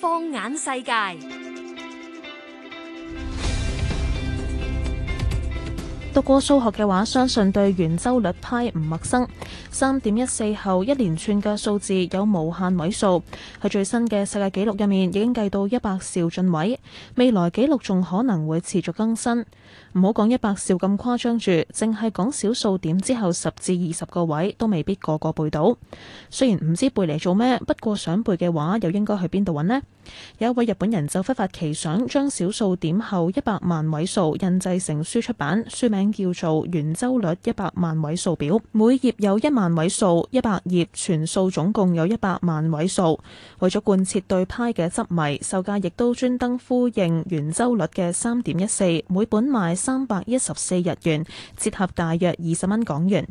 放眼世界。讀過數學嘅話，相信對圓周率派唔陌生。三點一四後一連串嘅數字有無限位數，喺最新嘅世界紀錄入面已經計到一百兆進位，未來紀錄仲可能會持續更新。唔好講一百兆咁誇張住，淨係講小數點之後十至二十個位都未必個個背到。雖然唔知背嚟做咩，不過想背嘅話又應該去邊度揾呢？有一位日本人就忽發奇想，將小數點後一百萬位數印製成書出版，書名叫做《圓周率一百萬位數表》，每頁有一萬位數，一百頁，全數總共有一百萬位數。為咗貫徹對派嘅執迷，售價亦都專登呼應圓周率嘅三點一四，每本賣三百一十四日元，折合大約二十蚊港元。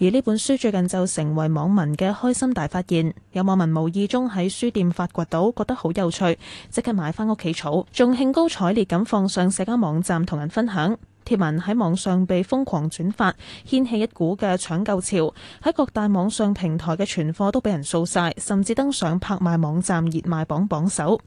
而呢本書最近就成為網民嘅開心大發現，有網民無意中喺書店發掘到，覺得好有。有趣，即刻買返屋企儲，仲興高采烈咁放上社交網站同人分享。帖文喺網上被瘋狂轉發，掀起一股嘅搶購潮。喺各大網上平台嘅存貨都俾人掃晒，甚至登上拍賣網站熱賣榜榜首。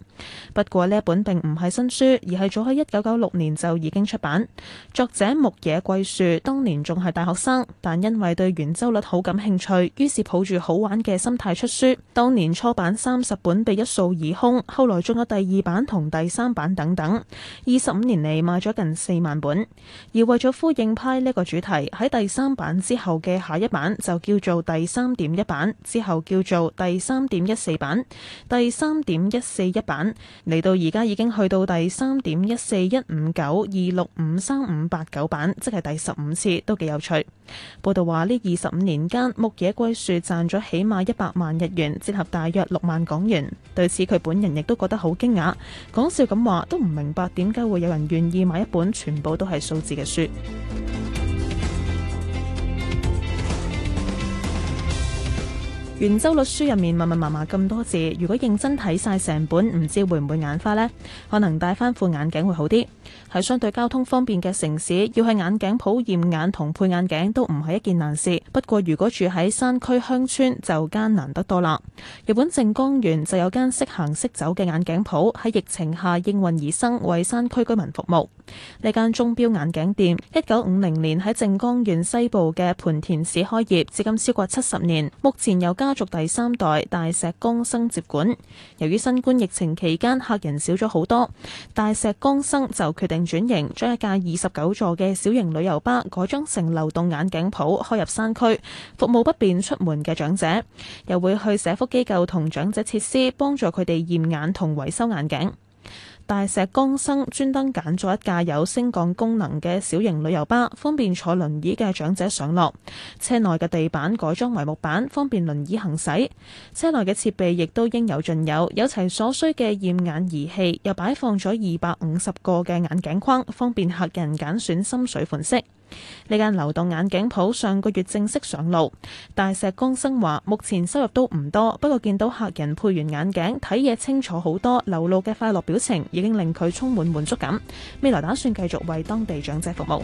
不過呢本並唔係新書，而係早喺一九九六年就已經出版。作者木野桂樹當年仲係大學生，但因為對圓周率好感興趣，於是抱住好玩嘅心態出書。當年初版三十本被一掃而空，後來仲有第二版同第三版等等。二十五年嚟賣咗近四萬本。而為咗呼應派呢個主題，喺第三版之後嘅下一版就叫做第三點一版，之後叫做第三點一四版，第三點一四一版，嚟到而家已經去到第三點一四一五九二六五三五八九版，即係第十五次，都幾有趣。報道話呢二十五年間，木野圭樹賺咗起碼一百萬日元，折合大約六萬港元。對此佢本人亦都覺得好驚訝，講笑咁話都唔明白點解會有人願意買一本全部都係字嘅書《圓周率書》入面密密麻麻咁多字，如果認真睇晒成本，唔知會唔會眼花呢？可能戴翻副眼鏡會好啲。喺相對交通方便嘅城市，要去眼鏡鋪驗眼同配眼鏡都唔係一件難事。不過如果住喺山區鄉村，就艱難得多啦。日本靜岡縣就有間識行識走嘅眼鏡鋪喺疫情下應運而生，為山區居民服務。呢間鐘錶眼鏡店一九五零年喺靜岡縣西部嘅磐田市開業，至今超過七十年。目前由家族第三代大石江生接管。由於新冠疫情期間客人少咗好多，大石江生就決定轉型，將一架二十九座嘅小型旅遊巴改裝成流動眼鏡鋪，開入山區，服務不便出門嘅長者。又會去社福機構同長者設施，幫助佢哋驗眼同維修眼鏡。大石江生專登揀咗一架有升降功能嘅小型旅遊巴，方便坐輪椅嘅長者上落。車內嘅地板改裝為木板，方便輪椅行駛。車內嘅設備亦都應有盡有，有齊所需嘅驗眼儀器，又擺放咗二百五十個嘅眼鏡框，方便客人揀選心水款式。呢間流動眼鏡鋪上個月正式上路。大石光生話：目前收入都唔多，不過見到客人配完眼鏡睇嘢清楚好多，流露嘅快樂表情已經令佢充滿滿足感。未來打算繼續為當地長者服務。